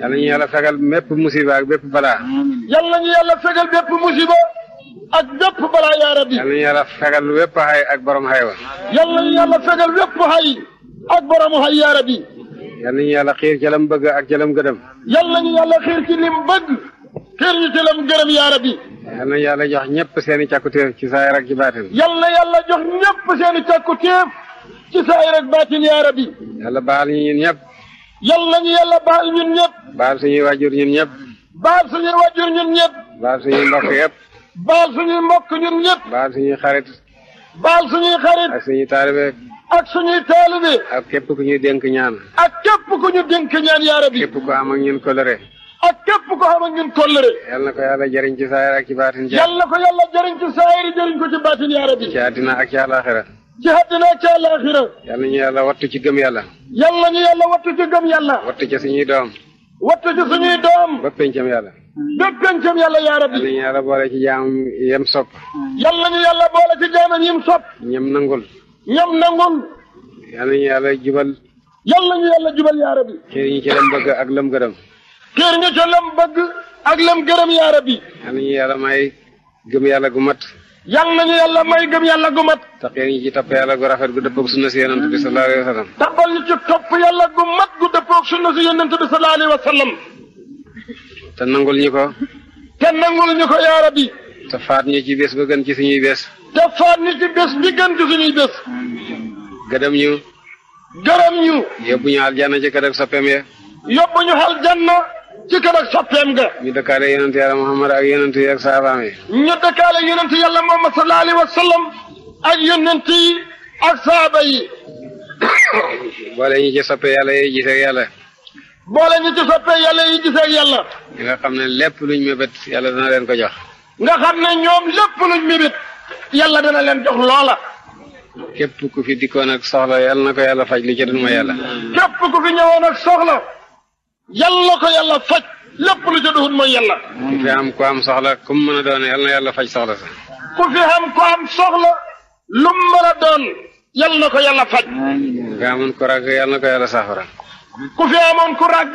yàlla ñu yàlla fegal mépp musiba ak bépp balaa. yàlla ñu yàlla fegal bépp musiba ak bépp balaa yaa rabbi. yàlla ñu yàlla fegal wépp xay ak borom xay wa. yàlla ñu yàlla fegal wépp xay ak borom xay yaa rabbi. yàlla ñu yàlla xiir ci lam bëgg ak ci bëgg. xiir ñu ci lam gërëm yaa rabbi. yal na yàlla jox ñëpp seeni i càkkutéef ci saayir ak ci baatin. yal na yàlla i càkkutéef ci saayir ak baatin yaa rabbi. yàlla ñu ñun yal nañu yàlla baal ñun ñëpp. baal suñuy wajur ñun ñëpp. baal suñuy wajur ñun ñëpp. baal suñuy mbokk yëpp. baal mbokk ñun ñëpp. baal suñuy xarit. baal suñuy xarit. ak suñuy taalibe. ak suñuy ak képp ku ñu dénk ñaan. ak képp ku ñu denk ñaan yaa rabbi. képp ku am ak ñun kolere. ak képp ko xam ak ñun kollëre. yal na ko yàlla jëriñ ci saayir ak ci baatin. yal na ko yàlla jëriñ ci saayir jëriñ ko ci baatin yaa ci àddina ak ci àllaaxira ci àddina ci àllaaxira yal nañu yàlla wattu ci gëm yàlla yal nañu yàlla wattu ci gëm yàlla wattu ci suñuy doom wattu ci suñuy doom ba pencam yàlla ba pencam yàlla yaa rabbi yal nañu yàlla boole ci yàlla boole ci jaamam yem sopp ñam nangul ñam nangul yal nañu yàlla jubal yal nañu yàlla jubal yaa rabbi kër ci lam bëgg ak lam gërëm kër ñu ci lam bëgg ak lam gërëm yaa rabbi yal nañu may gëm yàlla gu mat yan nañu yàlla may gëm yàlla gu mat. taxee ñu ci topp yàlla gu rafet gu dëppoog sunna si yonent bi sallallahu alayhi wa sallam. taxal ñu ci topp yàlla gu mat gu dëppoog sunna si yonent bi sallallahu te nangul ñu ko. te nangul ñu ko yaa rabbi. te faat ñu ci bés ba gën ci suñuy bés. te faat ñu ci bés bi gën ci suñuy bés. gërëm ñu. gërëm ñu. yóbbu ñu aljanna ci kër soppeem ya. yóbbu ñu aljanna. jëkkër ak soppeem ga ñu dëkkaale yonent yàlla Muhammad ak yonent yi ak saabaam yi ñu dëkkaale yonent yàlla Muhammad sallallahu alayhi ak yonent yi ak saaba boole ñu ci soppe yàlla yi gisee ak yàlla boole ñu ci soppe yàlla yi gisee nga xam ne lépp luñ mébét yàlla dana leen ko jox nga xam ne ñoom lépp luñ mébét yàlla dana leen jox loola képp ku fi dikkoon ak soxla yàlla na ko yàlla faj li ci dun ma yàlla képp ku fi ñëwoon ak soxla yàlla ko yàlla faj lépp lu ca duhut mooy yàlla. ku fi am ku am soxla ku mën a doon yàlla na yàlla faj soxla sax. ku fi am ku am soxla lu mu mën a doon yàlla ko yàlla faj. ku fi amoon ku ràgg yàlla na ko yàlla saafara. ku fi amoon ku ràgg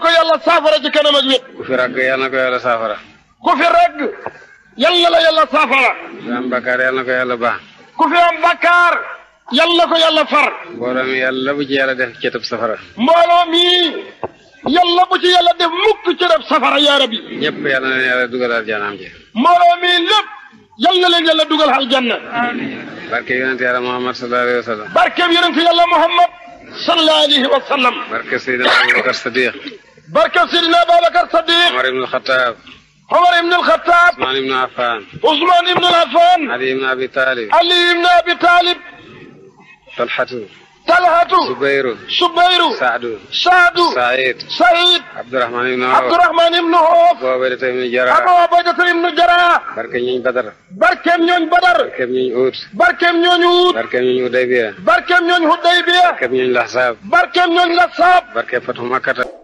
ko yàlla saafara ci kanam ak wét. ku fi ràgg yàlla na ko yàlla saafara. ku fi ràgg yàlla la yàlla saafara. ku fi am bakkaar yàlla na ko yàlla baax. ku fi am bakkaar ko yàlla far. mbooloo mi yàlla bu ci yàlla def bu ci yàlla def mukk ci rab safara yaa rabbi. ñëpp yàlla na leen yàlla dugal aljanaam ji. mbooloo mi lépp yal na leen yàlla dugal aljanna. barke yonent yàlla Muhammad sallallahu alayhi wa sallam. barke yonent yàlla Muhammad sallallahu alayhi wa sallam. barke Seydina Abubakar Sadiq. barke Seydina Abubakar Sadiq. Omar ibn Khattab. عمر بن الخطاب عثمان بن عفان عثمان بن عفان علي بن ابي طالب علي بن ابي طالب طلحة talhatu subayru subayru saadu saadu said said abdourahman ibnu hoof abdourahman ibnu hoof abu ubaydata ibnu jara abu ubaydata ibnu jara barke ñooñ badar barkeem ñooñ badar barkeem ñooñ uut barkeem ñooñ uut barkeem ñooñ hudaybiya barkeem ñooñ hudaybiya barkeem ñooñ laxsaab barkeem ñooñ laxsaab barkeem fatu makkata